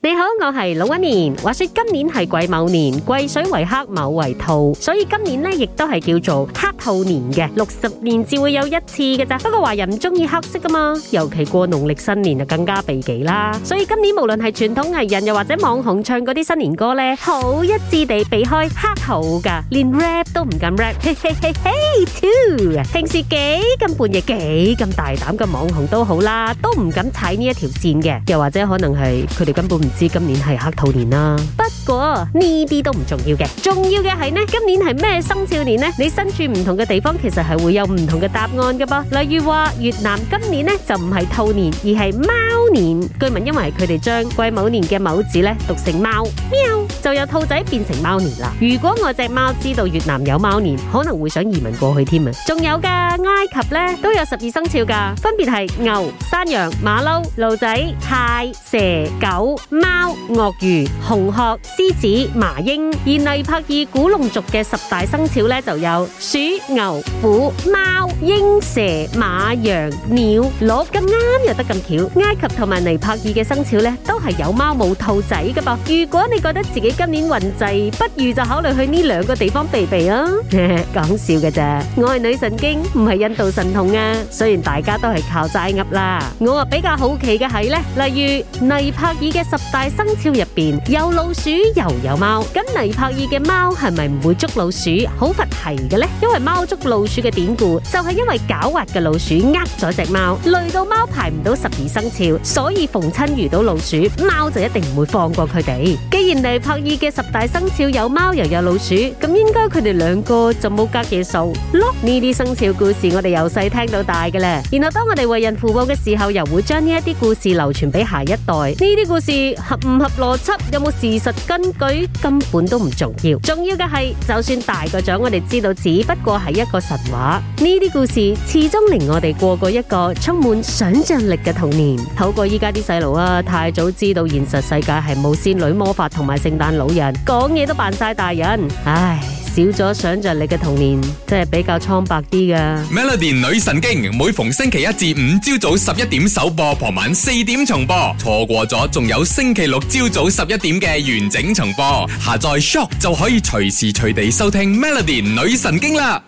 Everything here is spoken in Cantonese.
你好，我係老一年。話說今年係癸卯年，癸水為黑，卯為兔，所以今年呢亦都係叫做黑兔年嘅。六十年至會有一次嘅咋。不過華人唔中意黑色噶嘛，尤其過農曆新年就更加避忌啦。所以今年無論係傳統藝人又或者網紅唱嗰啲新年歌咧，好一致地避開黑兔噶，連 rap 都唔敢 rap。嘿嘿嘿嘿，two。平時幾咁半夜幾咁大膽嘅網紅都好啦，都唔敢踩呢一條線嘅。又或者可能係佢哋根本唔不知今年係黑兔年啦，不過呢啲都唔重要嘅，重要嘅係呢，今年係咩生肖年呢？你身處唔同嘅地方，其實係會有唔同嘅答案噶噃。例如話越南今年呢就唔係兔年，而係貓年。據聞因為佢哋將癸卯年嘅卯字咧讀成貓，喵，就有兔仔變成貓年啦。如果我隻貓知道越南有貓年，可能會想移民過去添啊！仲有噶埃及呢都有十二生肖噶，分別係牛、山羊、馬騮、驢仔、蟹、蛇、狗。貓、鱷魚、紅鶴、獅子、麻鷹，而尼泊爾古龍族嘅十大生肖咧就有鼠、牛、虎、貓、鷹、蛇、馬、羊、鳥、鹿，咁啱又得咁巧。埃及同埋尼泊爾嘅生肖咧都係有貓冇兔仔嘅，不過如果你覺得自己今年運滯，不如就考慮去呢兩個地方避避啊！講笑嘅啫，我係女神經，唔係印度神童啊。雖然大家都係靠齋噏啦，我啊比較好奇嘅係咧，例如尼泊爾嘅十。大生肖入面，有老鼠又有貓，咁尼泊爾嘅貓係咪唔會捉老鼠？好佛系嘅呢！因為貓捉老鼠嘅典故就係因為狡猾嘅老鼠呃咗隻貓，累到貓排唔到十二生肖，所以逢親遇到老鼠，貓就一定唔會放過佢哋。既然尼泊爾嘅十大生肖有貓又有老鼠，咁應該佢哋兩個就冇隔夜仇咯。呢啲生肖故事我哋由細聽到大嘅咧，然後當我哋為人父母嘅時候，又會將呢一啲故事流傳俾下一代。呢啲故事。合唔合邏輯，有冇事實根據，根本都唔重要。重要嘅係，就算大個咗，我哋知道只不過係一個神話。呢啲故事始終令我哋過過一個充滿想象力嘅童年。好過依家啲細路啊，太早知道現實世界係冇仙女魔法同埋聖誕老人，講嘢都扮晒大人，唉。少咗想像，你嘅童年真係比較蒼白啲㗎。Melody 女神經每逢星期一至五朝早十一點首播，傍晚四點重播，錯過咗仲有星期六朝早十一點嘅完整重播。下載 Shock 就可以隨時隨地收聽 Melody 女神經啦。